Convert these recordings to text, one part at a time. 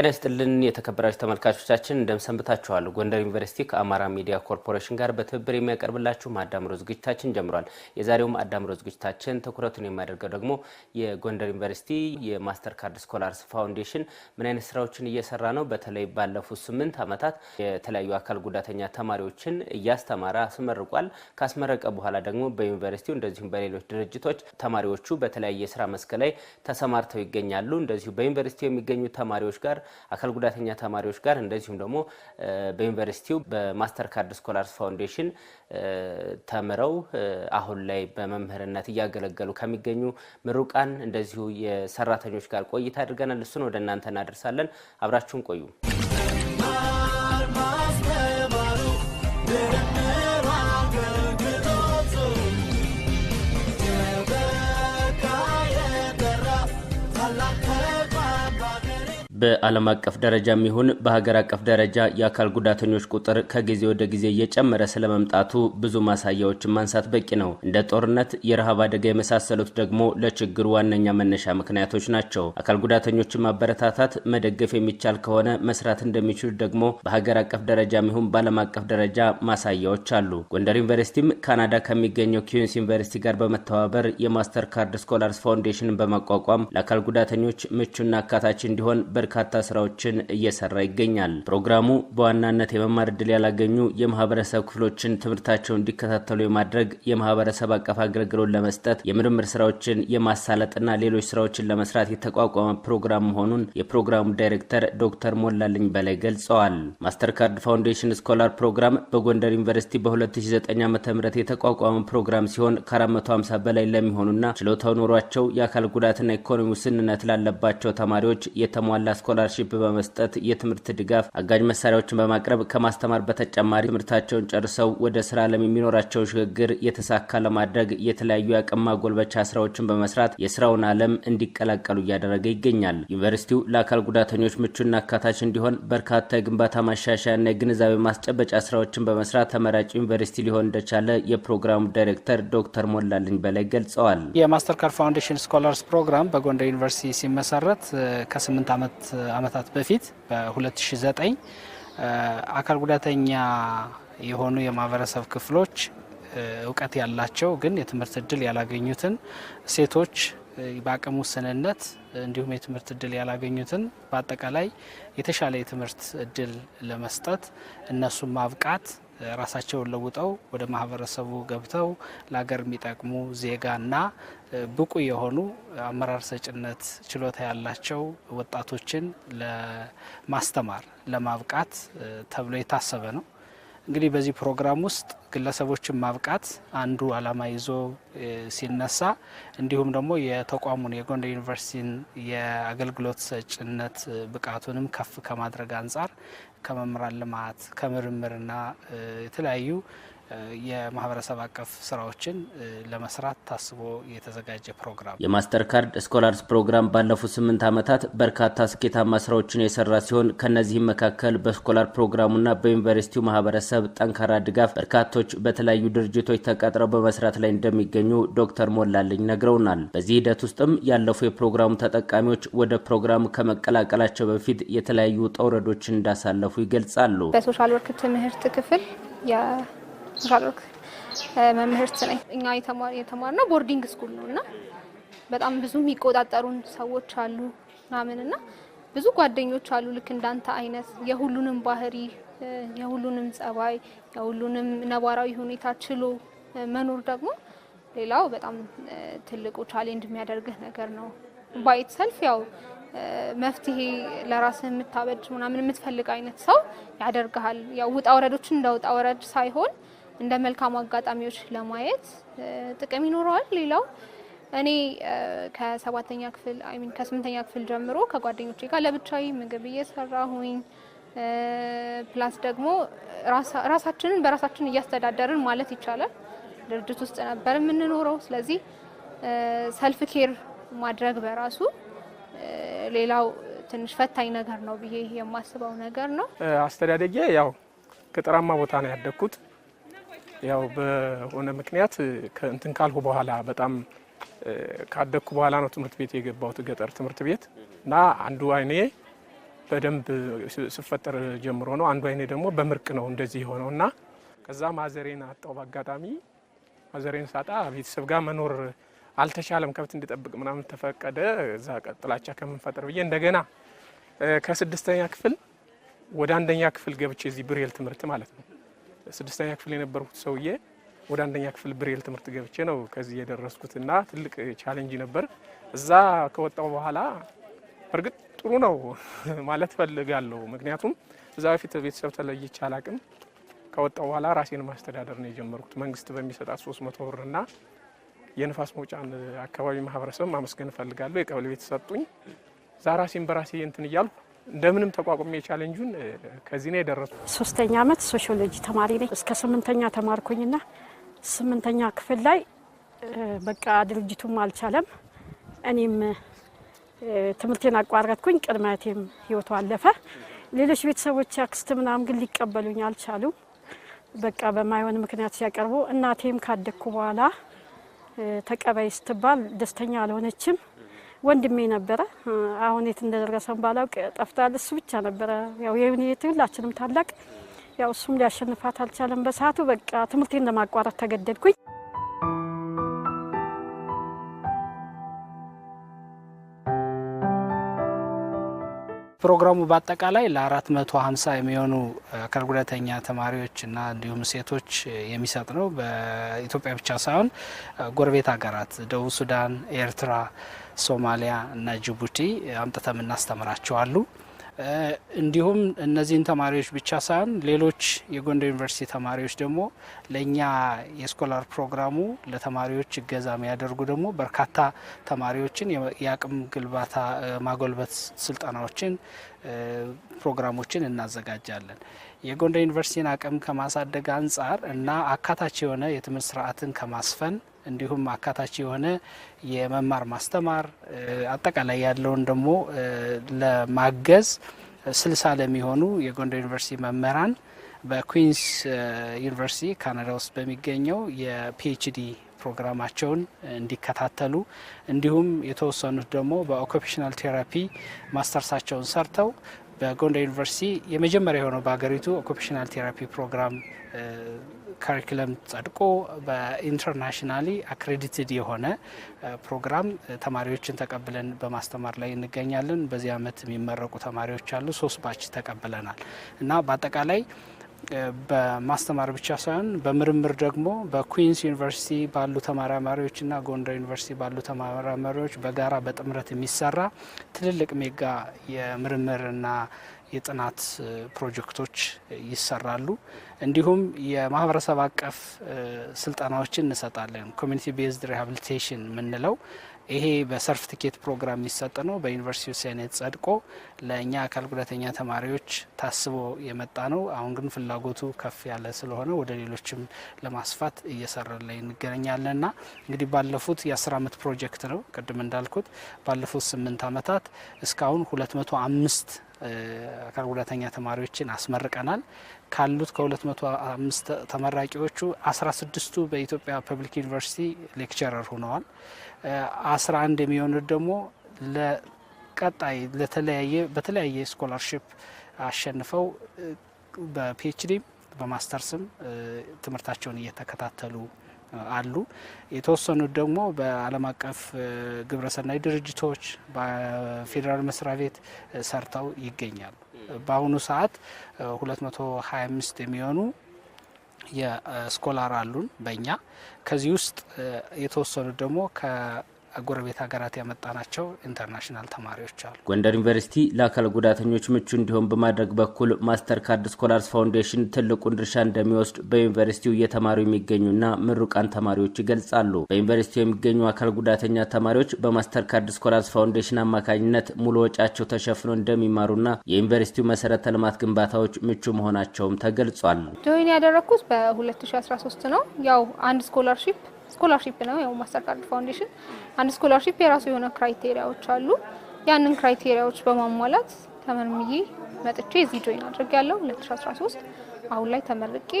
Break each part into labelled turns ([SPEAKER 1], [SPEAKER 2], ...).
[SPEAKER 1] ጤና ይስጥልን የተከበራችሁ ተመልካቾቻችን፣ እንደምሰንብታችኋል። ጎንደር ዩኒቨርሲቲ ከአማራ ሚዲያ ኮርፖሬሽን ጋር በትብብር የሚያቀርብላችሁ ማዳምሮ ዝግጅታችን ጀምሯል። የዛሬውም አዳምሮ ዝግጅታችን ትኩረቱን የሚያደርገው ደግሞ የጎንደር ዩኒቨርሲቲ የማስተር ካርድ ስኮላርስ ፋውንዴሽን ምን አይነት ስራዎችን እየሰራ ነው፣ በተለይ ባለፉት ስምንት ዓመታት የተለያዩ አካል ጉዳተኛ ተማሪዎችን እያስተማረ አስመርቋል። ካስመረቀ በኋላ ደግሞ በዩኒቨርሲቲው እንደዚሁም በሌሎች ድርጅቶች ተማሪዎቹ በተለያየ ስራ መስክ ላይ ተሰማርተው ይገኛሉ። እንደዚሁ በዩኒቨርሲቲው የሚገኙ ተማሪዎች ጋር አካል ጉዳተኛ ተማሪዎች ጋር እንደዚሁም ደግሞ በዩኒቨርሲቲው በማስተር ካርድ ስኮላርስ ፋውንዴሽን ተምረው አሁን ላይ በመምህርነት እያገለገሉ ከሚገኙ ምሩቃን እንደዚሁ የሰራተኞች ጋር ቆይታ አድርገናል። እሱን ወደ እናንተ እናደርሳለን። አብራችሁን ቆዩ።
[SPEAKER 2] በዓለም አቀፍ ደረጃም ይሁን በሀገር አቀፍ ደረጃ የአካል ጉዳተኞች ቁጥር ከጊዜ ወደ ጊዜ እየጨመረ ስለመምጣቱ ብዙ ማሳያዎችን ማንሳት በቂ ነው። እንደ ጦርነት፣ የረሃብ አደጋ የመሳሰሉት ደግሞ ለችግሩ ዋነኛ መነሻ ምክንያቶች ናቸው። አካል ጉዳተኞችን ማበረታታት፣ መደገፍ የሚቻል ከሆነ መስራት እንደሚችሉ ደግሞ በሀገር አቀፍ ደረጃም ይሁን በዓለም አቀፍ ደረጃ ማሳያዎች አሉ። ጎንደር ዩኒቨርሲቲም ካናዳ ከሚገኘው ኪዩንስ ዩኒቨርሲቲ ጋር በመተባበር የማስተር ካርድ ስኮላርስ ፋውንዴሽንን በማቋቋም ለአካል ጉዳተኞች ምቹና አካታች እንዲሆን በር በርካታ ስራዎችን እየሰራ ይገኛል። ፕሮግራሙ በዋናነት የመማር እድል ያላገኙ የማህበረሰብ ክፍሎችን ትምህርታቸውን እንዲከታተሉ የማድረግ የማህበረሰብ አቀፍ አገልግሎት ለመስጠት የምርምር ስራዎችን የማሳለጥና ሌሎች ስራዎችን ለመስራት የተቋቋመ ፕሮግራም መሆኑን የፕሮግራሙ ዳይሬክተር ዶክተር ሞላልኝ በላይ ገልጸዋል። ማስተርካርድ ፋውንዴሽን ስኮላር ፕሮግራም በጎንደር ዩኒቨርሲቲ በ2009 ዓ ም የተቋቋመ ፕሮግራም ሲሆን ከ450 በላይ ለሚሆኑና ችሎታው ኖሯቸው የአካል ጉዳትና ኢኮኖሚ ውስንነት ላለባቸው ተማሪዎች የተሟላ ስኮላርሺፕ በመስጠት የትምህርት ድጋፍ፣ አጋዥ መሳሪያዎችን በማቅረብ ከማስተማር በተጨማሪ ትምህርታቸውን ጨርሰው ወደ ስራ ዓለም የሚኖራቸው ሽግግር የተሳካ ለማድረግ የተለያዩ የአቅም ማጎልበቻ ስራዎችን በመስራት የስራውን ዓለም እንዲቀላቀሉ እያደረገ ይገኛል። ዩኒቨርሲቲው ለአካል ጉዳተኞች ምቹና አካታች እንዲሆን በርካታ የግንባታ ማሻሻያና የግንዛቤ ማስጨበጫ ስራዎችን በመስራት ተመራጭ ዩኒቨርሲቲ ሊሆን እንደቻለ የፕሮግራሙ ዳይሬክተር ዶክተር ሞላልኝ በላይ ገልጸዋል።
[SPEAKER 3] የማስተርካርድ ፋውንዴሽን ስኮላርስ ፕሮግራም በጎንደር ዩኒቨርሲቲ ሲመሰረት ከስምንት ዓመት ዓመታት በፊት በ2009 አካል ጉዳተኛ የሆኑ የማህበረሰብ ክፍሎች እውቀት ያላቸው ግን የትምህርት እድል ያላገኙትን ሴቶች በአቅም ውስንነት እንዲሁም የትምህርት እድል ያላገኙትን በአጠቃላይ የተሻለ የትምህርት እድል ለመስጠት እነሱን ማብቃት ራሳቸውን ለውጠው ወደ ማህበረሰቡ ገብተው ለሀገር የሚጠቅሙ ዜጋና ብቁ የሆኑ አመራር ሰጭነት ችሎታ ያላቸው ወጣቶችን ለማስተማር ለማብቃት ተብሎ የታሰበ ነው። እንግዲህ በዚህ ፕሮግራም ውስጥ ግለሰቦችን ማብቃት አንዱ ዓላማ ይዞ ሲነሳ እንዲሁም ደግሞ የተቋሙን የጎንደር ዩኒቨርሲቲን የአገልግሎት ሰጭነት ብቃቱንም ከፍ ከማድረግ አንጻር ከመምህራን ልማት ከምርምርና የተለያዩ የማህበረሰብ አቀፍ ስራዎችን ለመስራት ታስቦ የተዘጋጀ ፕሮግራም።
[SPEAKER 2] የማስተር ካርድ ስኮላርስ ፕሮግራም ባለፉት ስምንት ዓመታት በርካታ ስኬታማ ስራዎችን የሰራ ሲሆን ከእነዚህም መካከል በስኮላር ፕሮግራሙና በዩኒቨርሲቲው ማህበረሰብ ጠንካራ ድጋፍ በርካቶች በተለያዩ ድርጅቶች ተቀጥረው በመስራት ላይ እንደሚገኙ ዶክተር ሞላልኝ ነግረውናል። በዚህ ሂደት ውስጥም ያለፉ የፕሮግራሙ ተጠቃሚዎች ወደ ፕሮግራሙ ከመቀላቀላቸው በፊት የተለያዩ ጠውረዶችን እንዳሳለፉ ይገልጻሉ።
[SPEAKER 4] በሶሻል ወርክ ትምህርት ክፍል ሻሮክ መምህርት ነኝ። እኛ የተማርነው ቦርዲንግ ስኩል ነው እና በጣም ብዙ የሚቆጣጠሩን ሰዎች አሉ ምናምን እና ብዙ ጓደኞች አሉ ልክ እንዳንተ አይነት የሁሉንም ባህሪ የሁሉንም ጸባይ የሁሉንም ነባራዊ ሁኔታ ችሎ መኖር ደግሞ ሌላው በጣም ትልቁ ቻሌንጅ የሚያደርግህ ነገር ነው። ባይት ሰልፍ ያው መፍትሄ ለራስህ የምታበጅ ምናምን የምትፈልግ አይነት ሰው ያደርግሃል። ያው ውጣ ወረዶችን እንደ ውጣ ወረድ ሳይሆን እንደ መልካም አጋጣሚዎች ለማየት ጥቅም ይኖረዋል። ሌላው እኔ ከሰባተኛ ክፍል አይ ሚን ከስምንተኛ ክፍል ጀምሮ ከጓደኞቼ ጋር ለብቻዬ ምግብ ሁኝ ፕላስ ደግሞ ራሳችንን በራሳችን እያስተዳደርን ማለት ይቻላል። ድርጅት ውስጥ ነበር የምንኖረው። ስለዚህ ሰልፍ ኬር ማድረግ በራሱ ሌላው ትንሽ ፈታኝ ነገር ነው ብዬ የማስበው ነገር ነው።
[SPEAKER 5] አስተዳደጌ ያው ገጠራማ ቦታ ነው ያደግኩት። ያው በሆነ ምክንያት ከእንትን ካልሁ በኋላ በጣም ካደግኩ በኋላ ነው ትምህርት ቤት የገባሁት ገጠር ትምህርት ቤት እና አንዱ አይኔ በደንብ ስፈጠር ጀምሮ ነው። አንዱ አይኔ ደግሞ በምርቅ ነው እንደዚህ የሆነው እና ከዛ ማዘሬን አጣው። በአጋጣሚ ማዘሬን ሳጣ ቤተሰብ ጋር መኖር አልተቻለም። ከብት እንዲጠብቅ ምናምን ተፈቀደ። እዛ ቀጥላቻ ከምንፈጠር ብዬ እንደገና ከስድስተኛ ክፍል ወደ አንደኛ ክፍል ገብቼ እዚህ ብሬል ትምህርት ማለት ነው ስድስተኛ ክፍል የነበርኩት ሰውዬ ወደ አንደኛ ክፍል ብሬል ትምህርት ገብቼ ነው ከዚህ የደረስኩት እና ትልቅ ቻሌንጅ ነበር። እዛ ከወጣው በኋላ እርግጥ ጥሩ ነው ማለት ፈልጋለሁ። ምክንያቱም እዛ በፊት ቤተሰብ ተለይቼ አላቅም። ከወጣው በኋላ ራሴን ማስተዳደር ነው የጀመርኩት። መንግስት በሚሰጣት ሶስት መቶ ብር እና የንፋስ መውጫን አካባቢ ማህበረሰብ ማመስገን እፈልጋለሁ። የቀበሌ ቤት ሰጡኝ። ዛ ራሴን በራሴ እንትን እያልኩ እንደምንም ተቋቁሜ ቻለንጁን ከዚህ ነው የደረሱ።
[SPEAKER 6] ሶስተኛ ዓመት ሶሽዮሎጂ ተማሪ ነኝ። እስከ ስምንተኛ ተማርኩኝና ስምንተኛ ክፍል ላይ በቃ ድርጅቱም አልቻለም። እኔም ትምህርቴን አቋረጥኩኝ። ቅድመ ህይወቱ አለፈ። ሌሎች ቤተሰቦች አክስት ምናምን ግን ሊቀበሉኝ አልቻሉም። በቃ በማይሆን ምክንያት ሲያቀርቡ እናቴም ካደግኩ በኋላ ተቀበይ ስትባል ደስተኛ አልሆነችም። ወንድሜ ነበረ። አሁን የት እንደደረሰን ባላውቅ ጠፍቷል። እሱ ብቻ ነበረ ያው የሁኔት ሁላችንም ታላቅ ያው እሱም ሊያሸንፋት አልቻለም። በሰዓቱ በቃ ትምህርቴን ለማቋረጥ ተገደድኩኝ።
[SPEAKER 7] ፕሮግራሙ በአጠቃላይ ለ450 የሚሆኑ አካል ጉዳተኛ ተማሪዎች እና እንዲሁም ሴቶች የሚሰጥ ነው። በኢትዮጵያ ብቻ ሳይሆን ጎረቤት ሀገራት ደቡብ ሱዳን፣ ኤርትራ፣ ሶማሊያ እና ጅቡቲ አምጥተም እናስተምራቸዋሉ። እንዲሁም እነዚህን ተማሪዎች ብቻ ሳይሆን ሌሎች የጎንደር ዩኒቨርሲቲ ተማሪዎች ደግሞ ለእኛ የስኮላር ፕሮግራሙ ለተማሪዎች እገዛ የሚያደርጉ ደግሞ በርካታ ተማሪዎችን የአቅም ግልባታ ማጎልበት ስልጠናዎችን፣ ፕሮግራሞችን እናዘጋጃለን። የጎንደር ዩኒቨርሲቲን አቅም ከማሳደግ አንጻር እና አካታች የሆነ የትምህርት ስርዓትን ከማስፈን እንዲሁም አካታች የሆነ የመማር ማስተማር አጠቃላይ ያለውን ደግሞ ለማገዝ ስልሳ ለሚሆኑ የጎንደር ዩኒቨርሲቲ መምህራን በኩዊንስ ዩኒቨርሲቲ ካናዳ ውስጥ በሚገኘው የፒኤችዲ ፕሮግራማቸውን እንዲከታተሉ እንዲሁም የተወሰኑት ደግሞ በኦኩፔሽናል ቴራፒ ማስተርሳቸውን ሰርተው በጎንደር ዩኒቨርሲቲ የመጀመሪያ የሆነው በሀገሪቱ ኦኩፔሽናል ቴራፒ ፕሮግራም ከሪኩለም ጸድቆ በኢንተርናሽናሊ አክሬዲትድ የሆነ ፕሮግራም ተማሪዎችን ተቀብለን በማስተማር ላይ እንገኛለን። በዚህ አመት የሚመረቁ ተማሪዎች አሉ። ሶስት ባች ተቀብለናል እና በአጠቃላይ በማስተማር ብቻ ሳይሆን በምርምር ደግሞ በኩዊንስ ዩኒቨርሲቲ ባሉ ተመራማሪዎችና ጎንደር ዩኒቨርሲቲ ባሉ ተመራማሪዎች በጋራ በጥምረት የሚሰራ ትልልቅ ሜጋ የምርምርና የጥናት ፕሮጀክቶች ይሰራሉ። እንዲሁም የማህበረሰብ አቀፍ ስልጠናዎችን እንሰጣለን። ኮሚኒቲ ቤዝድ ሪሃብሊቴሽን የምንለው ይሄ በሰርፍ ትኬት ፕሮግራም የሚሰጥ ነው። በዩኒቨርሲቲ ሴኔት ጸድቆ ለእኛ አካል ጉዳተኛ ተማሪዎች ታስቦ የመጣ ነው። አሁን ግን ፍላጎቱ ከፍ ያለ ስለሆነ ወደ ሌሎችም ለማስፋት እየሰራ ላይ እንገኛለን ና እንግዲህ ባለፉት የአስር አመት ፕሮጀክት ነው። ቅድም እንዳልኩት ባለፉት ስምንት አመታት እስካሁን ሁለት መቶ አምስት አካል ጉዳተኛ ተማሪዎችን አስመርቀናል። ካሉት ከ205 ተመራቂዎቹ 16ቱ በኢትዮጵያ ፐብሊክ ዩኒቨርሲቲ ሌክቸረር ሆነዋል። 11 የሚሆኑት ደግሞ ለቀጣይ ለተለያየ በተለያየ ስኮላርሽፕ አሸንፈው በፒኤችዲ በማስተርስም ትምህርታቸውን እየተከታተሉ አሉ። የተወሰኑት ደግሞ በዓለም አቀፍ ግብረሰናይ ድርጅቶች በፌዴራል መስሪያ ቤት ሰርተው ይገኛሉ። በአሁኑ ሰዓት 225 የሚሆኑ የስኮላር አሉን በእኛ ከዚህ ውስጥ የተወሰኑት ደግሞ ጎረቤት ሀገራት ያመጣናቸው ኢንተርናሽናል ተማሪዎች አሉ።
[SPEAKER 2] ጎንደር ዩኒቨርሲቲ ለአካል ጉዳተኞች ምቹ እንዲሆን በማድረግ በኩል ማስተር ካርድ ስኮላርስ ፋውንዴሽን ትልቁን ድርሻ እንደሚወስድ በዩኒቨርሲቲው እየተማሩ የሚገኙና ምሩቃን ተማሪዎች ይገልጻሉ። በዩኒቨርሲቲው የሚገኙ አካል ጉዳተኛ ተማሪዎች በማስተር ካርድ ስኮላርስ ፋውንዴሽን አማካኝነት ሙሉ ወጫቸው ተሸፍኖ እንደሚማሩና የዩኒቨርሲቲው መሰረተ ልማት ግንባታዎች ምቹ መሆናቸውም ተገልጿል።
[SPEAKER 4] ጆይን ያደረግኩት በ2013 ነው። ያው አንድ ስኮላርሺፕ ስኮላርሺፕ ነው። ያው ማስተርካርድ ፋውንዴሽን አንድ ስኮላርሺፕ የራሱ የሆነ ክራይቴሪያዎች አሉ። ያንን ክራይቴሪያዎች በማሟላት ተመርምዬ መጥቼ እዚህ ጆይን አድርግ ያለው 2013 አሁን ላይ ተመርቄ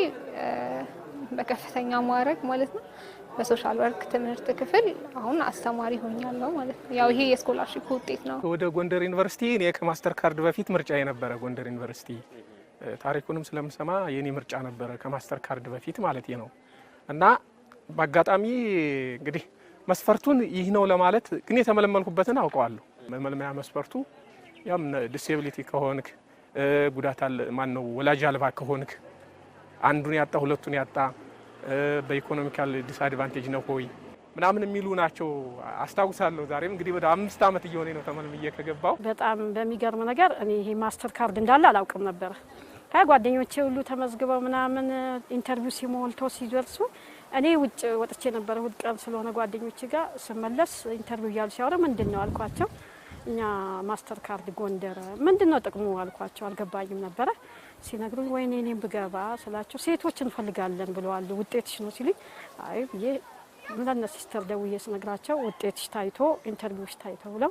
[SPEAKER 4] በከፍተኛ ማዕረግ ማለት ነው በሶሻል ወርክ ትምህርት ክፍል አሁን አስተማሪ ሆኛለሁ ማለት ነው። ያው ይሄ የስኮላርሺፕ ውጤት ነው።
[SPEAKER 5] ወደ ጎንደር ዩኒቨርሲቲ እኔ ከማስተር ካርድ በፊት ምርጫ የነበረ ጎንደር ዩኒቨርሲቲ ታሪኩንም ስለምሰማ የኔ ምርጫ ነበረ ከማስተር ካርድ በፊት ማለት ነው እና በአጋጣሚ እንግዲህ መስፈርቱን ይህ ነው ለማለት ግን የተመለመልኩበትን አውቀዋለሁ። መመልመያ መስፈርቱ ያም ዲስብሊቲ ከሆንክ ጉዳት አለ ማን ነው ወላጅ አልባ ከሆንክ አንዱን ያጣ ሁለቱን ያጣ በኢኮኖሚካል ዲስአድቫንቴጅ ነው ሆይ ምናምን የሚሉ ናቸው አስታውሳለሁ። ዛሬም እንግዲህ ወደ አምስት ዓመት እየሆነ ነው ተመልምዬ ከገባው።
[SPEAKER 6] በጣም በሚገርም ነገር እኔ ይሄ ማስተር ካርድ እንዳለ አላውቅም ነበረ። ከጓደኞቼ ሁሉ ተመዝግበው ምናምን ኢንተርቪው ሲሞልቶ ሲደርሱ እኔ ውጭ ወጥቼ ነበረ እሁድ ቀን ስለሆነ ጓደኞች ጋር ስመለስ ኢንተርቪው እያሉ ሲያወራ ምንድን ነው አልኳቸው። እኛ ማስተር ካርድ ጎንደር ምንድን ነው ጥቅሙ አልኳቸው። አልገባኝም ነበረ ሲነግሩኝ፣ ወይኔ እኔም ብገባ ስላቸው ሴቶች እንፈልጋለን ብለዋል ውጤትሽ ነው ሲሉኝ፣ አይ ብዬ ለነ ሲስተር ደውዬ ስነግራቸው ውጤትሽ ታይቶ ኢንተርቪውሽ ታይቶ ብለው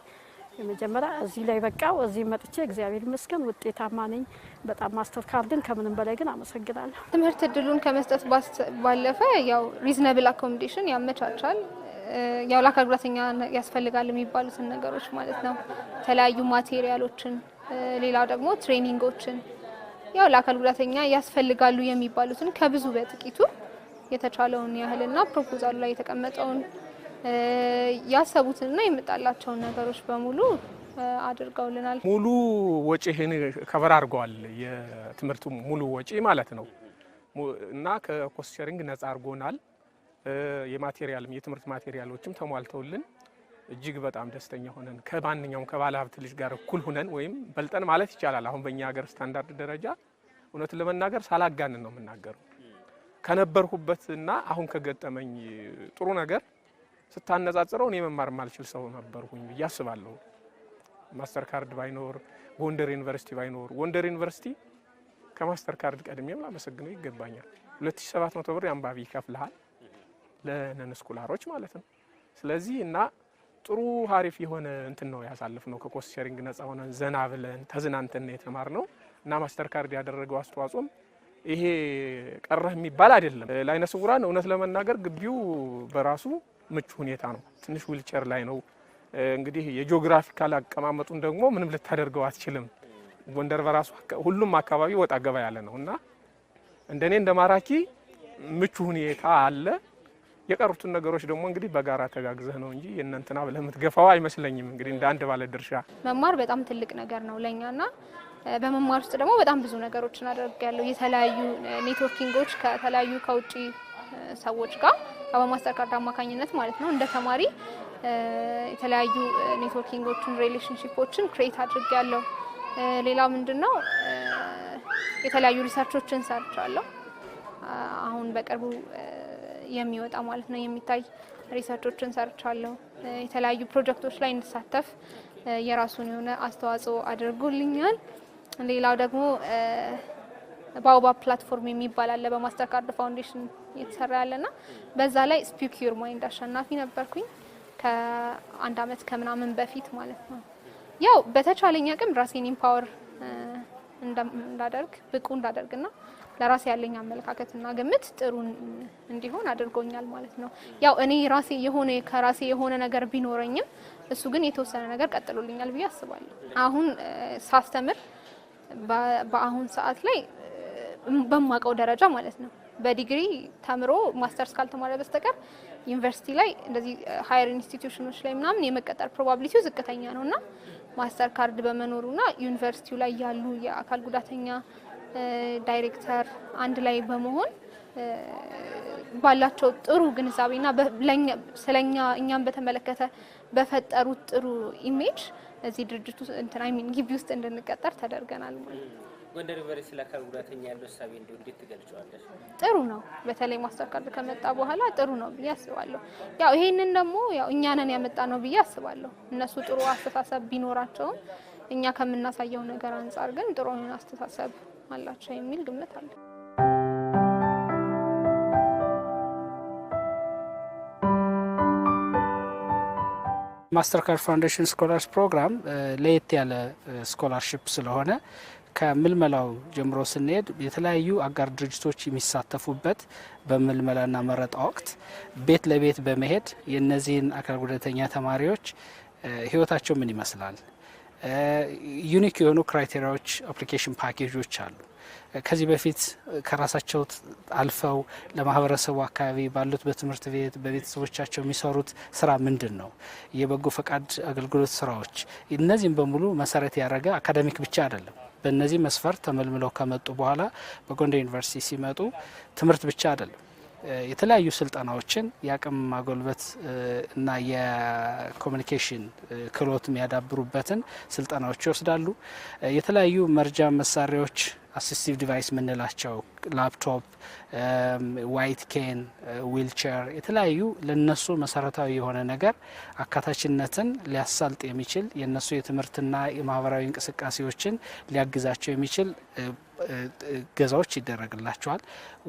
[SPEAKER 6] የመጀመሪያ እዚህ ላይ በቃው እዚህ መጥቼ እግዚአብሔር ይመስገን ውጤታማ ነኝ። በጣም ማስተር ካርድን ከምንም በላይ ግን አመሰግናለሁ።
[SPEAKER 4] ትምህርት እድሉን ከመስጠት ባለፈ ያው ሪዝነብል አኮሞዴሽን ያመቻቻል። ያው ለአካል ጉዳተኛ ያስፈልጋል የሚባሉትን ነገሮች ማለት ነው። የተለያዩ ማቴሪያሎችን፣ ሌላው ደግሞ ትሬኒንጎችን ያው ለአካል ጉዳተኛ ያስፈልጋሉ የሚባሉትን ከብዙ በጥቂቱ የተቻለውን ያህልና ፕሮፖዛሉ ላይ የተቀመጠውን ያሰቡትንና የመጣላቸውን ነገሮች በሙሉ አድርገውልናል።
[SPEAKER 5] ሙሉ ወጪ ይህን ከበር አድርገዋል። የትምህርቱ ሙሉ ወጪ ማለት ነው እና ከኮስት ሼሪንግ ነጻ አድርጎናል። የማቴሪያልም የትምህርት ማቴሪያሎችም ተሟልተውልን እጅግ በጣም ደስተኛ ሆነን ከማንኛውም ከባለ ሀብት ልጅ ጋር እኩል ሁነን ወይም በልጠን ማለት ይቻላል። አሁን በእኛ ሀገር ስታንዳርድ ደረጃ እውነትን ለመናገር ሳላጋንን ነው የምናገረው እና አሁን ከገጠመኝ ጥሩ ነገር ስታነጻጽረው እኔ መማር ማልችል ሰው ነበርኩኝ ብዬ አስባለሁ። ማስተር ካርድ ባይኖር ጎንደር ዩኒቨርሲቲ ባይኖር ጎንደር ዩኒቨርሲቲ ከማስተር ካርድ ቀድሜም ላመሰግነው ይገባኛል። 2700 ብር የአንባቢ ይከፍልሃል ለነን ስኩላሮች ማለት ነው። ስለዚህ እና ጥሩ ሀሪፍ የሆነ እንትን ነው ያሳልፍ ነው ከኮስት ሼሪንግ ነጻ ሆነን ዘና ብለን ተዝናንተን የተማር ነው እና ማስተር ካርድ ያደረገው አስተዋጽኦም ይሄ ቀረህ የሚባል አይደለም። ለአይነ ስውራን እውነት ለመናገር ግቢው በራሱ ምቹ ሁኔታ ነው። ትንሽ ዊልቸር ላይ ነው እንግዲህ የጂኦግራፊካል አቀማመጡን ደግሞ ምንም ልታደርገው አትችልም። ጎንደር በራሱ ሁሉም አካባቢ ወጣ ገባ ያለ ነው እና እንደኔ እንደ ማራኪ ምቹ ሁኔታ አለ። የቀሩትን ነገሮች ደግሞ እንግዲህ በጋራ ተጋግዘህ ነው እንጂ የእናንትና ብለህ የምትገፋው አይመስለኝም። እንግዲህ እንደ አንድ ባለ ድርሻ
[SPEAKER 4] መማር በጣም ትልቅ ነገር ነው ና በመማር ውስጥ ደግሞ በጣም ብዙ ነገሮችን ያለው የተለያዩ ኔትወርኪንጎች ከተለያዩ ከውጭ ሰዎች ጋር አበባ ማስተርካርድ አማካኝነት ማለት ነው እንደ ተማሪ የተለያዩ ኔትወርኪንጎችን ሪሌሽንሺፖችን ክሬት አድርግ ያለው። ሌላ ምንድን ነው የተለያዩ ሪሰርቾችን ሰርቻለሁ። አሁን በቅርቡ የሚወጣ ማለት ነው የሚታይ ሪሰርቾችን ሰርቻለሁ። የተለያዩ ፕሮጀክቶች ላይ እንድሳተፍ የራሱን የሆነ አስተዋጽኦ አድርጉልኛል። ሌላው ደግሞ ባውባ ፕላትፎርም የሚባል አለ በማስተርካርድ ፋውንዴሽን እየተሰራ ና በዛ ላይ ስፒክ ዩር ማይንድ አሸናፊ ነበርኩኝ ከአንድ አመት ከምናምን በፊት ማለት ነው። ያው በተቻለኝ አቅም ራሴን ኢምፓወር እንዳደርግ ብቁ እንዳደርግና ለራሴ ያለኝ አመለካከትና ግምት ጥሩ እንዲሆን አድርጎኛል ማለት ነው። ያው እኔ ራሴ የሆነ ከራሴ የሆነ ነገር ቢኖረኝም እሱ ግን የተወሰነ ነገር ቀጥሎልኛል ብዬ አስባለሁ። አሁን ሳስተምር በአሁን ሰዓት ላይ በማውቀው ደረጃ ማለት ነው። በዲግሪ ተምሮ ማስተርስ ካልተማረ በስተቀር ዩኒቨርሲቲ ላይ እንደዚህ ሀየር ኢንስቲትዩሽኖች ላይ ምናምን የመቀጠር ፕሮባብሊቲው ዝቅተኛ ነው እና ማስተር ካርድ በመኖሩና ዩኒቨርሲቲው ላይ ያሉ የአካል ጉዳተኛ ዳይሬክተር አንድ ላይ በመሆን ባላቸው ጥሩ ግንዛቤና ስለኛ እኛም በተመለከተ በፈጠሩት ጥሩ ኢሜጅ እዚህ ድርጅቱ እንትን ሚን ግቢ ውስጥ እንድንቀጠር ተደርገናል ማለት ነው።
[SPEAKER 2] ጎንደር ዩኒቨርሲቲ ለአካል ጉዳተኛ ያለው እሳቤ እንዲሁ እንዴት ትገልጫዋለሽ?
[SPEAKER 4] ጥሩ ነው። በተለይ ማስተርካርድ ከመጣ በኋላ ጥሩ ነው ብዬ አስባለሁ። ያው ይሄንን ደግሞ ያው እኛ ያመጣ ነው ብዬ አስባለሁ። እነሱ ጥሩ አስተሳሰብ ቢኖራቸውም እኛ ከምናሳየው ነገር አንጻር ግን ጥሩ አስተሳሰብ አላቸው የሚል ግምት አለ።
[SPEAKER 7] ማስተርካርድ ፋውንዴሽን ስኮላርስ ፕሮግራም ለየት ያለ ስኮላርሽፕ ስለሆነ ከምልመላው ጀምሮ ስንሄድ የተለያዩ አጋር ድርጅቶች የሚሳተፉበት በምልመላና መረጣ ወቅት ቤት ለቤት በመሄድ የእነዚህን አካል ጉዳተኛ ተማሪዎች ህይወታቸው ምን ይመስላል፣ ዩኒክ የሆኑ ክራይቴሪያዎች፣ አፕሊኬሽን ፓኬጆች አሉ። ከዚህ በፊት ከራሳቸው አልፈው ለማህበረሰቡ አካባቢ ባሉት በትምህርት ቤት በቤተሰቦቻቸው የሚሰሩት ስራ ምንድን ነው? የበጎ ፈቃድ አገልግሎት ስራዎች፣ እነዚህም በሙሉ መሰረት ያደረገ አካዳሚክ ብቻ አይደለም። በእነዚህ መስፈርት ተመልምለው ከመጡ በኋላ በጎንደር ዩኒቨርሲቲ ሲመጡ ትምህርት ብቻ አይደለም የተለያዩ ስልጠናዎችን የአቅም ማጎልበት እና የኮሚኒኬሽን ክህሎት የሚያዳብሩበትን ስልጠናዎች ይወስዳሉ። የተለያዩ መርጃ መሳሪያዎች አሲስቲቭ ዲቫይስ የምንላቸው ላፕቶፕ፣ ዋይት ኬን፣ ዊልቸር የተለያዩ ለነሱ መሰረታዊ የሆነ ነገር አካታችነትን ሊያሳልጥ የሚችል የነሱ የትምህርትና የማህበራዊ እንቅስቃሴዎችን ሊያግዛቸው የሚችል ገዛዎች ይደረግላቸዋል።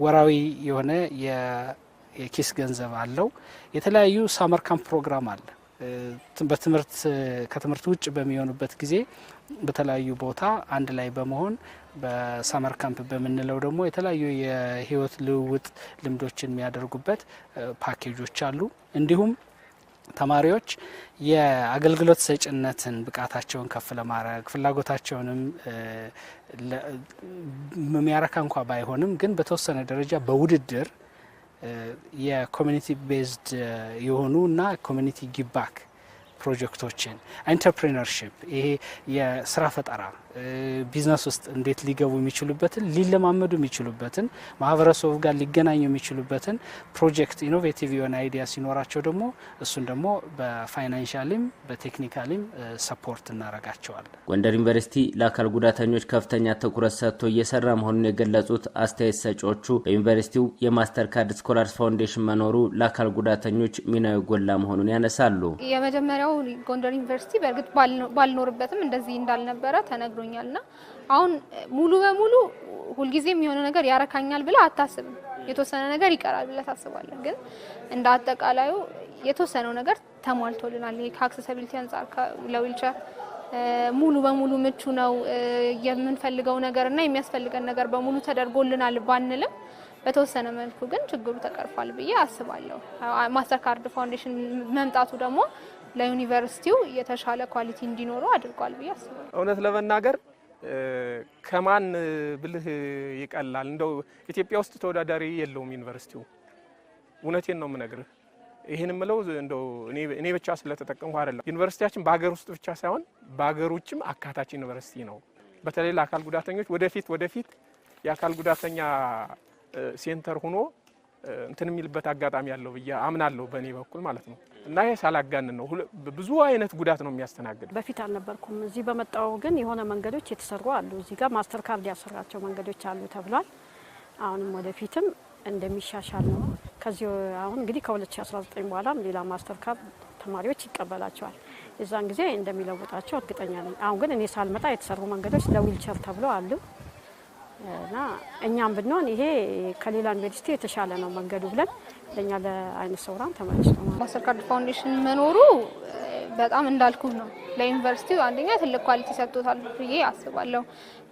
[SPEAKER 7] ወራዊ የሆነ የኪስ ገንዘብ አለው። የተለያዩ ሳመር ካምፕ ፕሮግራም አለ። በትምህርት ከትምህርት ውጭ በሚሆኑበት ጊዜ በተለያዩ ቦታ አንድ ላይ በመሆን በሳመር ካምፕ በምንለው ደግሞ የተለያዩ የህይወት ልውውጥ ልምዶችን የሚያደርጉበት ፓኬጆች አሉ። እንዲሁም ተማሪዎች የአገልግሎት ሰጭነትን ብቃታቸውን ከፍ ለማድረግ ፍላጎታቸውንም የሚያረካ እንኳ ባይሆንም ግን በተወሰነ ደረጃ በውድድር የኮሚኒቲ ቤዝድ የሆኑ እና ኮሚኒቲ ጊባክ ፕሮጀክቶችን ኢንተርፕሪነርሽፕ ይሄ የስራ ፈጠራ ቢዝነስ ውስጥ እንዴት ሊገቡ የሚችሉበትን ሊለማመዱ የሚችሉበትን ማህበረሰቡ ጋር ሊገናኙ የሚችሉበትን ፕሮጀክት ኢኖቬቲቭ የሆነ አይዲያ ሲኖራቸው ደግሞ እሱን ደግሞ በፋይናንሻሊም በቴክኒካሊም ሰፖርት እናረጋቸዋል።
[SPEAKER 2] ጎንደር ዩኒቨርሲቲ ለአካል ጉዳተኞች ከፍተኛ ትኩረት ሰጥቶ እየሰራ መሆኑን የገለጹት አስተያየት ሰጪዎቹ በዩኒቨርሲቲው የማስተር ካርድ ስኮላርስ ፋውንዴሽን መኖሩ ለአካል ጉዳተኞች ሚናዊ ጎላ መሆኑን ያነሳሉ።
[SPEAKER 4] የመጀመሪያው ጎንደር ዩኒቨርሲቲ በእርግጥ ባልኖርበትም እንደዚህ እንዳልነበረ ተነግሮ አናግሮኛል እና አሁን ሙሉ በሙሉ ሁልጊዜም የሆነ ነገር ያረካኛል ብለ አታስብም። የተወሰነ ነገር ይቀራል ብለ ታስባለን። ግን እንደ አጠቃላዩ የተወሰነው ነገር ተሟልቶልናል። ይሄ ከአክሰሲቢሊቲ አንጻር ለዊልቸር ሙሉ በሙሉ ምቹ ነው። የምንፈልገው ነገር እና የሚያስፈልገን ነገር በሙሉ ተደርጎልናል ባንልም በተወሰነ መልኩ ግን ችግሩ ተቀርፏል ብዬ አስባለሁ። ማስተርካርድ ፋውንዴሽን መምጣቱ ደግሞ ለዩኒቨርሲቲው የተሻለ ኳሊቲ እንዲኖረው አድርጓል ብዬ አስባለሁ።
[SPEAKER 5] እውነት ለመናገር ከማን ብልህ ይቀላል። እንደው ኢትዮጵያ ውስጥ ተወዳዳሪ የለውም ዩኒቨርሲቲው። እውነቴን ነው የምነግርህ። ይህን ምለው እንደው እኔ ብቻ ስለተጠቀምኩ አይደለም። ዩኒቨርሲቲያችን በሀገር ውስጥ ብቻ ሳይሆን በሀገር ውጭም አካታች ዩኒቨርሲቲ ነው። በተለይ ለአካል ጉዳተኞች ወደፊት ወደፊት የአካል ጉዳተኛ ሴንተር ሆኖ እንትን የሚልበት አጋጣሚ ያለው ብዬ አምናለሁ በእኔ በኩል ማለት ነው። እና ይሄ ሳላጋንን ነው። ብዙ አይነት ጉዳት ነው የሚያስተናግድ።
[SPEAKER 6] በፊት አልነበርኩም እዚህ በመጣው ግን የሆነ መንገዶች የተሰሩ አሉ። እዚህ ጋር ማስተር ካርድ ያሰራቸው መንገዶች አሉ ተብሏል። አሁንም ወደፊትም እንደሚሻሻል ነው። ከዚህ አሁን እንግዲህ ከ2019 በኋላም ሌላ ማስተር ካርድ ተማሪዎች ይቀበላቸዋል። የዛን ጊዜ እንደሚለውጣቸው እርግጠኛ ነኝ። አሁን ግን እኔ ሳልመጣ የተሰሩ መንገዶች ለዊልቸር ተብለው አሉ። እና እኛም ብንሆን ይሄ ከሌላ ዩኒቨርሲቲ የተሻለ ነው መንገዱ ብለን ለእኛ ለአይነ ስውራን ተመልሶ
[SPEAKER 4] ማስተርካርድ ፋውንዴሽን መኖሩ በጣም እንዳልኩ ነው። ለዩኒቨርሲቲው አንደኛ ትልቅ ኳሊቲ ሰጥቶታል ብዬ አስባለሁ።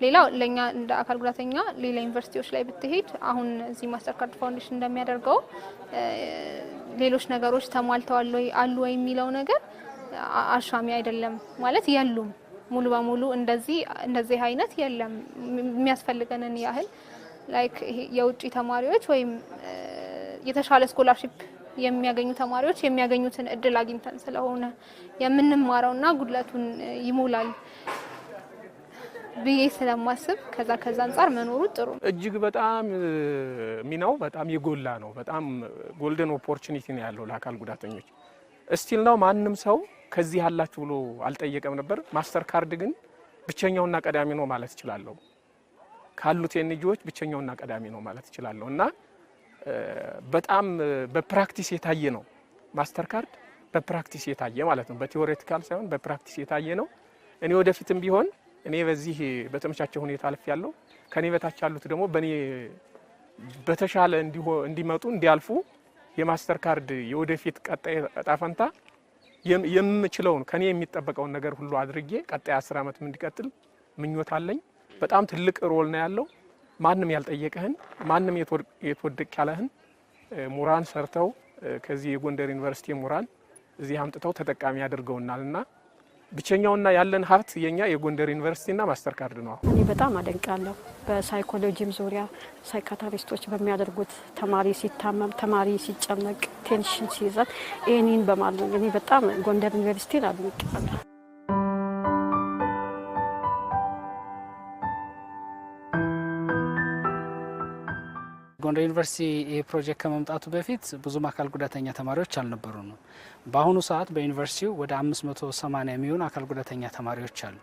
[SPEAKER 4] ሌላው ለእኛ እንደ አካል ጉዳተኛ ሌላ ዩኒቨርሲቲዎች ላይ ብትሄድ አሁን እዚህ ማስተር ካርድ ፋውንዴሽን እንደሚያደርገው ሌሎች ነገሮች ተሟልተዋል አሉ ወይ የሚለው ነገር አሻሚ አይደለም ማለት የሉም። ሙሉ በሙሉ እንደዚህ እንደዚህ አይነት የለም። የሚያስፈልገንን ያህል ላይክ የውጭ ተማሪዎች ወይም የተሻለ ስኮላርሺፕ የሚያገኙ ተማሪዎች የሚያገኙትን እድል አግኝተን ስለሆነ የምንማረውና ጉድለቱን ይሞላል ብዬ ስለማስብ ከዛ ከዛ አንጻር መኖሩ ጥሩ
[SPEAKER 5] እጅግ በጣም ሚናው በጣም የጎላ ነው። በጣም ጎልደን ኦፖርቹኒቲ ነው ያለው ለአካል ጉዳተኞች እስቲል ነው ማንም ሰው ከዚህ ያላችሁ ብሎ አልጠየቀም ነበር። ማስተር ካርድ ግን ብቸኛውና ቀዳሚ ነው ማለት እችላለሁ። ካሉት ኤንጂኦዎች ብቸኛውና ቀዳሚ ነው ማለት እችላለሁ እና በጣም በፕራክቲስ የታየ ነው። ማስተር ካርድ በፕራክቲስ የታየ ማለት ነው። በቲዎሬቲካል ሳይሆን በፕራክቲስ የታየ ነው። እኔ ወደፊትም ቢሆን እኔ በዚህ በተመቻቸው ሁኔታ አልፍ ያለው ከኔ በታች ያሉት ደግሞ በእኔ በተሻለ እንዲመጡ እንዲያልፉ የማስተር ካርድ የወደፊት ቀጣይ እጣ ፈንታ የምችለውን ከኔ የሚጠበቀውን ነገር ሁሉ አድርጌ ቀጣይ አስር ዓመት እንዲቀጥል ምኞት አለኝ። በጣም ትልቅ ሮል ነው ያለው። ማንም ያልጠየቀህን ማንም የተወደቅ ያለህን ሙራን ሰርተው ከዚህ የጎንደር ዩኒቨርሲቲ ሙራን እዚህ አምጥተው ተጠቃሚ ያደርገውናል እና ብቸኛውና ያለን ሀብት የኛ የጎንደር ዩኒቨርሲቲና ማስተር ካርድ ነው።
[SPEAKER 6] እኔ በጣም አደንቃለሁ። በሳይኮሎጂም ዙሪያ ሳይካትሪስቶች በሚያደርጉት ተማሪ ሲታመም፣ ተማሪ ሲጨነቅ፣ ቴንሽን ሲይዘን ይህንን በማድረግ እኔ በጣም ጎንደር ዩኒቨርሲቲን አድንቃለሁ።
[SPEAKER 7] ጎንደር ዩኒቨርሲቲ ይህ ፕሮጀክት ከመምጣቱ በፊት ብዙም አካል ጉዳተኛ ተማሪዎች ነው። በአሁኑ ሰዓት በዩኒቨርሲቲው ወደ 580 የሚሆኑ አካል ጉዳተኛ ተማሪዎች አሉ።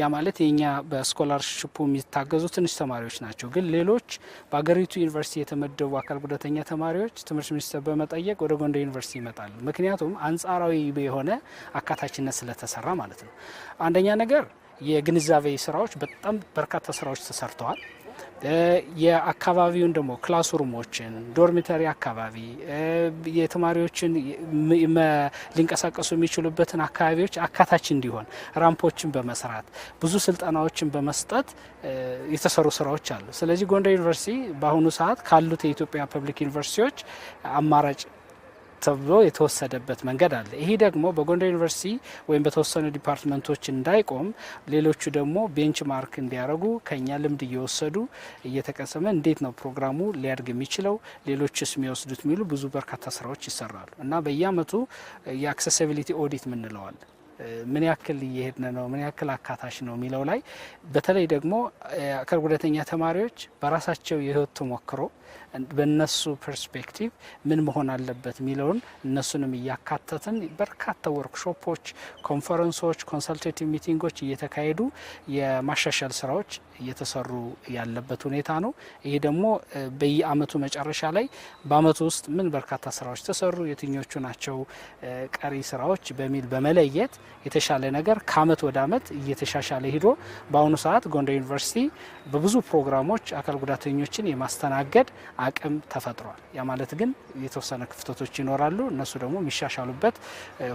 [SPEAKER 7] ያ ማለት የኛ በስኮላርሽፑ የሚታገዙ ትንሽ ተማሪዎች ናቸው። ግን ሌሎች በአገሪቱ ዩኒቨርሲቲ የተመደቡ አካል ጉዳተኛ ተማሪዎች ትምህርት ሚኒስቴር በመጠየቅ ወደ ጎንደር ዩኒቨርሲቲ ይመጣሉ። ምክንያቱም አንጻራዊ የሆነ አካታችነት ስለተሰራ ማለት ነው። አንደኛ ነገር የግንዛቤ ስራዎች በጣም በርካታ ስራዎች ተሰርተዋል። የአካባቢውን ደግሞ ክላስሩሞችን፣ ዶርሚተሪ አካባቢ የተማሪዎችን ሊንቀሳቀሱ የሚችሉበትን አካባቢዎች አካታች እንዲሆን ራምፖችን በመስራት ብዙ ስልጠናዎችን በመስጠት የተሰሩ ስራዎች አሉ። ስለዚህ ጎንደር ዩኒቨርሲቲ በአሁኑ ሰዓት ካሉት የኢትዮጵያ ፐብሊክ ዩኒቨርሲቲዎች አማራጭ ተብሎ የተወሰደበት መንገድ አለ። ይሄ ደግሞ በጎንደር ዩኒቨርሲቲ ወይም በተወሰኑ ዲፓርትመንቶች እንዳይቆም ሌሎቹ ደግሞ ቤንች ማርክ እንዲያደርጉ ከኛ ልምድ እየወሰዱ እየተቀሰመ እንዴት ነው ፕሮግራሙ ሊያድግ የሚችለው ሌሎችስ የሚወስዱት የሚሉ ብዙ በርካታ ስራዎች ይሰራሉ እና በየአመቱ የአክሴሲቢሊቲ ኦዲት ምንለዋል ምን ያክል እየሄድን ነው፣ ምን ያክል አካታች ነው የሚለው ላይ በተለይ ደግሞ አካል ጉዳተኛ ተማሪዎች በራሳቸው የህይወት ተሞክሮ በእነሱ ፐርስፔክቲቭ ምን መሆን አለበት የሚለውን እነሱንም እያካተትን በርካታ ወርክሾፖች፣ ኮንፈረንሶች፣ ኮንሰልቴቲቭ ሚቲንጎች እየተካሄዱ የማሻሻል ስራዎች እየተሰሩ ያለበት ሁኔታ ነው። ይሄ ደግሞ በየአመቱ መጨረሻ ላይ በአመቱ ውስጥ ምን በርካታ ስራዎች ተሰሩ፣ የትኞቹ ናቸው ቀሪ ስራዎች በሚል በመለየት የተሻለ ነገር ከአመት ወደ አመት እየተሻሻለ ሂዶ በአሁኑ ሰዓት ጎንደር ዩኒቨርሲቲ በብዙ ፕሮግራሞች አካል ጉዳተኞችን የማስተናገድ አቅም ተፈጥሯል። ያ ማለት ግን የተወሰነ ክፍተቶች ይኖራሉ። እነሱ ደግሞ የሚሻሻሉበት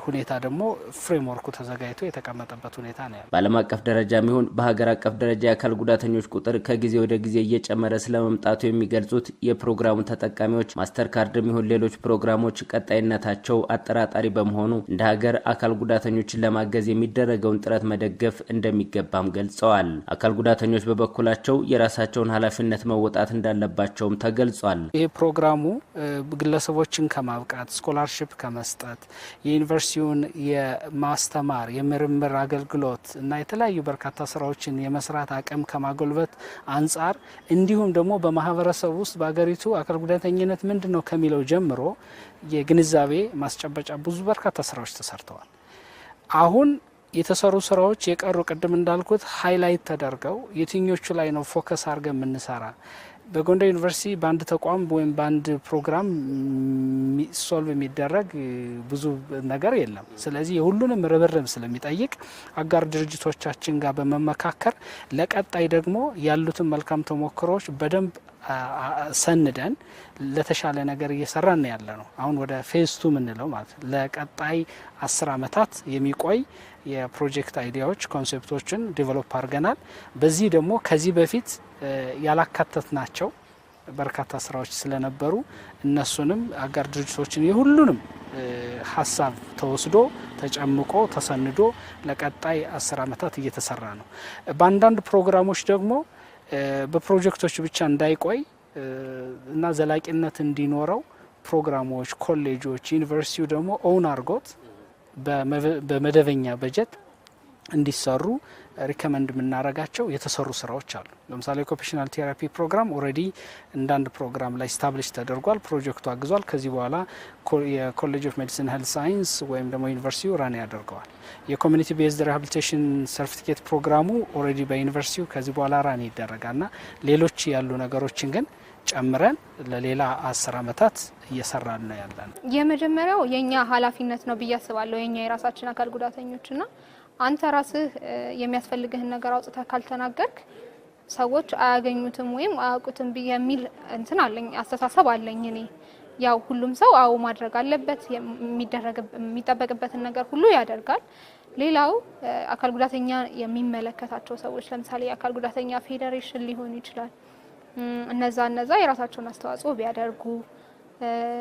[SPEAKER 7] ሁኔታ ደግሞ ፍሬምወርኩ ተዘጋጅቶ የተቀመጠበት ሁኔታ ነው ያለ።
[SPEAKER 2] በዓለም አቀፍ ደረጃ ይሁን በሀገር አቀፍ ደረጃ የአካል ጉዳተኞች ቁጥር ከጊዜ ወደ ጊዜ እየጨመረ ስለመምጣቱ የሚገልጹት የፕሮግራሙ ተጠቃሚዎች ማስተር ካርድ ይሁን ሌሎች ፕሮግራሞች ቀጣይነታቸው አጠራጣሪ በመሆኑ እንደ ሀገር አካል ጉዳተኞችን ለማገዝ የሚደረገውን ጥረት መደገፍ እንደሚገባም ገልጸዋል። አካል ጉዳተኞች በበኩላቸው የራሳቸውን ኃላፊነት መወጣት እንዳለባቸውም ተ ገልጿል።
[SPEAKER 7] ይህ ፕሮግራሙ ግለሰቦችን ከማብቃት ስኮላርሽፕ ከመስጠት የዩኒቨርሲቲውን የማስተማር የምርምር አገልግሎት እና የተለያዩ በርካታ ስራዎችን የመስራት አቅም ከማጎልበት አንጻር እንዲሁም ደግሞ በማህበረሰብ ውስጥ በሀገሪቱ አካል ጉዳተኝነት ምንድን ነው ከሚለው ጀምሮ የግንዛቤ ማስጨበጫ ብዙ በርካታ ስራዎች ተሰርተዋል። አሁን የተሰሩ ስራዎች የቀሩ ቅድም እንዳልኩት ሃይላይት ተደርገው የትኞቹ ላይ ነው ፎከስ አድርገን የምንሰራ በጎንደር ዩኒቨርሲቲ በአንድ ተቋም ወይም በአንድ ፕሮግራም ሶልቭ የሚደረግ ብዙ ነገር የለም። ስለዚህ የሁሉንም ርብርብ ስለሚጠይቅ አጋር ድርጅቶቻችን ጋር በመመካከር ለቀጣይ ደግሞ ያሉትን መልካም ተሞክሮዎች በደንብ ሰንደን ለተሻለ ነገር እየሰራን ነው ያለ ነው። አሁን ወደ ፌዝ ቱ ምንለው ማለት ለቀጣይ አስር ዓመታት የሚቆይ የፕሮጀክት አይዲያዎች ኮንሴፕቶችን ዴቨሎፕ አድርገናል። በዚህ ደግሞ ከዚህ በፊት ያላካተት ናቸው በርካታ ስራዎች ስለነበሩ እነሱንም አጋር ድርጅቶችን የሁሉንም ሀሳብ ተወስዶ ተጨምቆ ተሰንዶ ለቀጣይ አስር ዓመታት እየተሰራ ነው። በአንዳንድ ፕሮግራሞች ደግሞ በፕሮጀክቶች ብቻ እንዳይቆይ እና ዘላቂነት እንዲኖረው ፕሮግራሞች፣ ኮሌጆች፣ ዩኒቨርሲቲው ደግሞ ኦውን አድርጎት በመደበኛ በጀት እንዲሰሩ ሪከመንድ የምናደርጋቸው የተሰሩ ስራዎች አሉ። ለምሳሌ ኦኩፔሽናል ቴራፒ ፕሮግራም ኦልሬዲ እንዳንድ ፕሮግራም ላይ ስታብሊሽ ተደርጓል። ፕሮጀክቱ አግዟል። ከዚህ በኋላ የኮሌጅ ኦፍ ሜዲሲን ሄልት ሳይንስ ወይም ደግሞ ዩኒቨርሲቲው ራን ያደርገዋል። የኮሚኒቲ ቤዝድ ሪሃብሊቴሽን ሰርቲፊኬት ፕሮግራሙ ኦልሬዲ በዩኒቨርሲቲው ከዚህ በኋላ ራን ይደረጋልና ሌሎች ያሉ ነገሮችን ግን ጨምረን ለሌላ አስር አመታት እየሰራን ነው ያለን።
[SPEAKER 4] የመጀመሪያው የኛ ኃላፊነት ነው ብዬ አስባለሁ የኛ የራሳችን አካል ና አንተ ራስህ የሚያስፈልግህን ነገር አውጥተህ ካልተናገርክ ሰዎች አያገኙትም ወይም አያውቁትም የሚል እንትን አለኝ አስተሳሰብ አለኝ እኔ። ያው ሁሉም ሰው አዎ ማድረግ አለበት፣ የሚጠበቅበትን ነገር ሁሉ ያደርጋል። ሌላው አካል ጉዳተኛ የሚመለከታቸው ሰዎች ለምሳሌ የአካል ጉዳተኛ ፌዴሬሽን ሊሆን ይችላል። እነዛ እነዛ የራሳቸውን አስተዋጽኦ ቢያደርጉ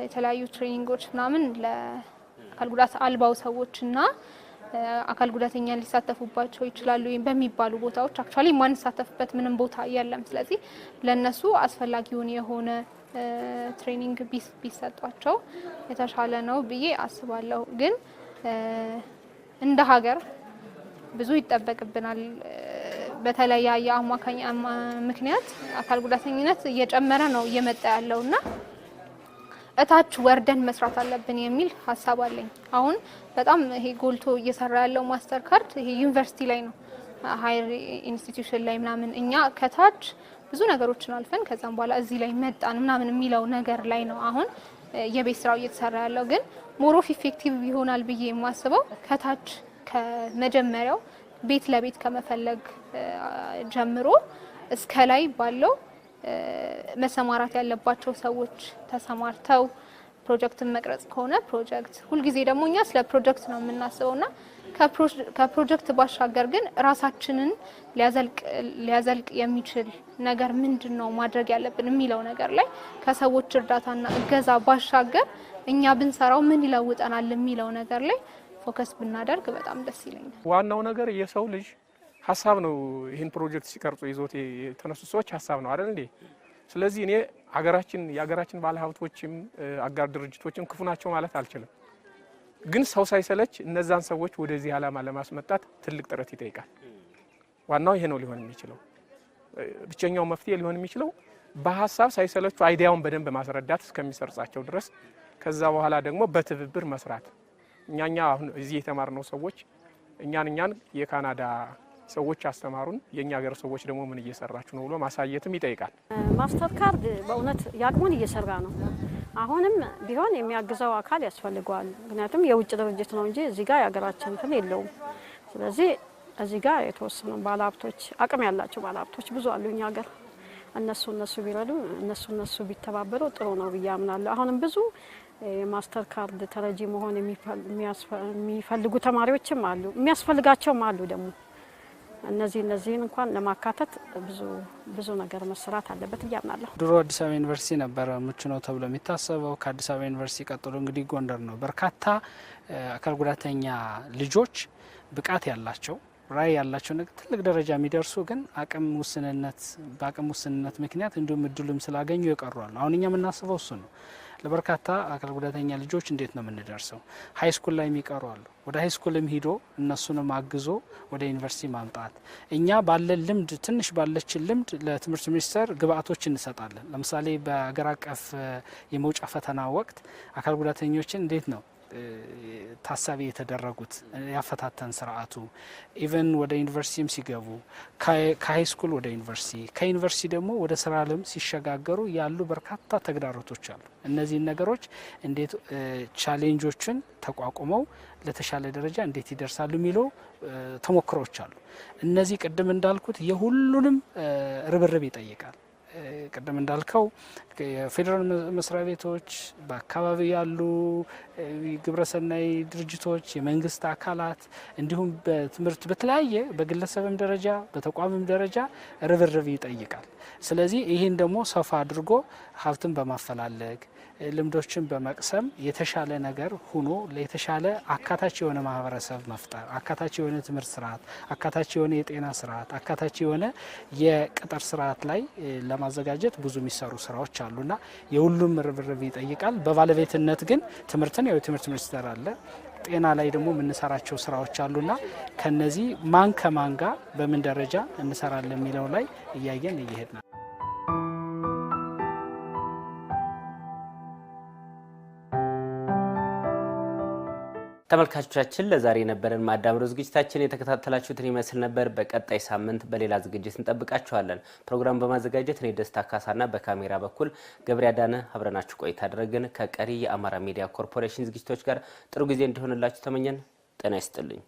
[SPEAKER 4] የተለያዩ ትሬኒንጎች ምናምን ለአካል ጉዳት አልባው ሰዎችና አካል ጉዳተኛ ሊሳተፉባቸው ይችላሉ በሚባሉ ቦታዎች አክቹዋሊ የማንሳተፍበት ምንም ቦታ የለም። ስለዚህ ለነሱ አስፈላጊውን የሆነ ትሬኒንግ ቢሰጧቸው የተሻለ ነው ብዬ አስባለሁ። ግን እንደ ሀገር ብዙ ይጠበቅብናል። በተለያየ አማካኝ ምክንያት አካል ጉዳተኝነት እየጨመረ ነው እየመጣ ያለውና እታች ወርደን መስራት አለብን የሚል ሀሳብ አለኝ። አሁን በጣም ይሄ ጎልቶ እየሰራ ያለው ማስተር ካርድ ይሄ ዩኒቨርሲቲ ላይ ነው፣ ሀይር ኢንስቲትዩሽን ላይ ምናምን እኛ ከታች ብዙ ነገሮችን አልፈን ከዛም በኋላ እዚህ ላይ መጣን ምናምን የሚለው ነገር ላይ ነው አሁን የቤት ስራው እየተሰራ ያለው። ግን ሞሮፍ ኢፌክቲቭ ይሆናል ብዬ የማስበው ከታች ከመጀመሪያው ቤት ለቤት ከመፈለግ ጀምሮ እስከ ላይ ባለው መሰማራት ያለባቸው ሰዎች ተሰማርተው ፕሮጀክትን መቅረጽ ከሆነ ፕሮጀክት ሁልጊዜ ደግሞ እኛ ስለ ፕሮጀክት ነው የምናስበው ና ከፕሮጀክት ባሻገር ግን ራሳችንን ሊያዘልቅ የሚችል ነገር ምንድን ነው ማድረግ ያለብን የሚለው ነገር ላይ ከሰዎች እርዳታና እገዛ ባሻገር እኛ ብንሰራው ምን ይለውጠናል የሚለው ነገር ላይ ፎከስ ብናደርግ በጣም ደስ ይለኛል።
[SPEAKER 5] ዋናው ነገር የሰው ልጅ ሀሳብ ነው። ይህን ፕሮጀክት ሲቀርጹ ይዞት የተነሱ ሰዎች ሀሳብ ነው አይደል እንዴ? ስለዚህ እኔ ሀገራችን የሀገራችን ባለሀብቶችም አጋር ድርጅቶችም ክፉ ናቸው ማለት አልችልም። ግን ሰው ሳይሰለች እነዛን ሰዎች ወደዚህ ዓላማ ለማስመጣት ትልቅ ጥረት ይጠይቃል። ዋናው ይሄ ነው ሊሆን የሚችለው ብቸኛው መፍትሄ ሊሆን የሚችለው በሀሳብ ሳይሰለቹ አይዲያውን በደንብ ማስረዳት እስከሚሰርጻቸው ድረስ ከዛ በኋላ ደግሞ በትብብር መስራት እኛኛ አሁን እዚህ የተማርነው ሰዎች እኛን እኛን የካናዳ ሰዎች አስተማሩን። የእኛ ሀገር ሰዎች ደግሞ ምን እየሰራችሁ ነው ብሎ ማሳየትም ይጠይቃል።
[SPEAKER 6] ማስተር ካርድ በእውነት ያቅሙን እየሰራ ነው። አሁንም ቢሆን የሚያግዘው አካል ያስፈልገዋል። ምክንያቱም የውጭ ድርጅት ነው እንጂ እዚህ ጋር የሀገራችን እንትን የለውም። ስለዚህ እዚህ ጋር የተወሰኑ ባለሀብቶች፣ አቅም ያላቸው ባለሀብቶች ብዙ አሉ እኛ ሀገር እነሱ እነሱ ቢረዱ እነሱ እነሱ ቢተባበሩ ጥሩ ነው ብዬ አምናለሁ። አሁንም ብዙ የማስተር ካርድ ተረጂ መሆን የሚፈልጉ ተማሪዎችም አሉ፣ የሚያስፈልጋቸውም አሉ ደግሞ እነዚህ እነዚህን እንኳን ለማካተት ብዙ ብዙ ነገር መስራት አለበት ብዬ
[SPEAKER 7] ድሮ አዲስ አበባ ዩኒቨርሲቲ ነበረ ምቹ ነው ተብሎ የሚታሰበው። ከአዲስ አበባ ዩኒቨርሲቲ ቀጥሎ እንግዲህ ጎንደር ነው። በርካታ አካል ጉዳተኛ ልጆች ብቃት ያላቸው ራዕይ ያላቸው ነገር ትልቅ ደረጃ የሚደርሱ ግን አቅም ውስንነት በአቅም ውስንነት ምክንያት እንዲሁም እድሉም ስላገኙ የቀሯል። አሁን እኛ የምናስበው እሱ ነው። ለበርካታ አካል ጉዳተኛ ልጆች እንዴት ነው የምንደርሰው? ሀይ ስኩል ላይ የሚቀሩ አሉ። ወደ ሀይ ስኩልም ሂዶ እነሱንም አግዞ ወደ ዩኒቨርሲቲ ማምጣት እኛ ባለን ልምድ ትንሽ ባለችን ልምድ ለትምህርት ሚኒስቴር ግብአቶች እንሰጣለን። ለምሳሌ በሀገር አቀፍ የመውጫ ፈተና ወቅት አካል ጉዳተኞችን እንዴት ነው ታሳቢ የተደረጉት ያፈታተን ስርዓቱ ኢቨን ወደ ዩኒቨርሲቲም ሲገቡ ከሀይ ስኩል ወደ ዩኒቨርሲቲ ከዩኒቨርሲቲ ደግሞ ወደ ስራ ዓለም ሲሸጋገሩ ያሉ በርካታ ተግዳሮቶች አሉ። እነዚህን ነገሮች እንዴት ቻሌንጆችን ተቋቁመው ለተሻለ ደረጃ እንዴት ይደርሳሉ የሚለው ተሞክሮዎች አሉ። እነዚህ ቅድም እንዳልኩት የሁሉንም ርብርብ ይጠይቃል። ቅድም እንዳልከው የፌዴራል መስሪያ ቤቶች፣ በአካባቢ ያሉ ግብረሰናይ ድርጅቶች፣ የመንግስት አካላት እንዲሁም በትምህርት በተለያየ በግለሰብም ደረጃ በተቋምም ደረጃ ርብርብ ይጠይቃል። ስለዚህ ይህን ደግሞ ሰፋ አድርጎ ሀብትን በማፈላለግ ልምዶችን በመቅሰም የተሻለ ነገር ሁኖ ለተሻለ አካታች የሆነ ማህበረሰብ መፍጠር፣ አካታች የሆነ ትምህርት ስርዓት፣ አካታች የሆነ የጤና ስርዓት፣ አካታች የሆነ የቅጥር ስርዓት ላይ ለማዘጋጀት ብዙ የሚሰሩ ስራዎች አሉና የሁሉም ርብርብ ይጠይቃል። በባለቤትነት ግን ትምህርትን ያው የትምህርት ሚኒስቴር አለ። ጤና ላይ ደግሞ የምንሰራቸው ስራዎች አሉና ከነዚህ ማን ከማን ጋር በምን ደረጃ እንሰራለን የሚለው ላይ እያየን ነው።
[SPEAKER 2] ተመልካቾቻችን ለዛሬ የነበረን ማዳምሮ ዝግጅታችን የተከታተላችሁትን ይመስል ነበር። በቀጣይ ሳምንት በሌላ ዝግጅት እንጠብቃችኋለን። ፕሮግራም በማዘጋጀት እኔ ደስታ ካሳና በካሜራ በኩል ገብሬ አዳነ አብረናችሁ ቆይታ አድረግን። ከቀሪ የአማራ ሚዲያ ኮርፖሬሽን ዝግጅቶች ጋር ጥሩ ጊዜ እንዲሆንላችሁ ተመኘን። ጤና ይስጥልኝ።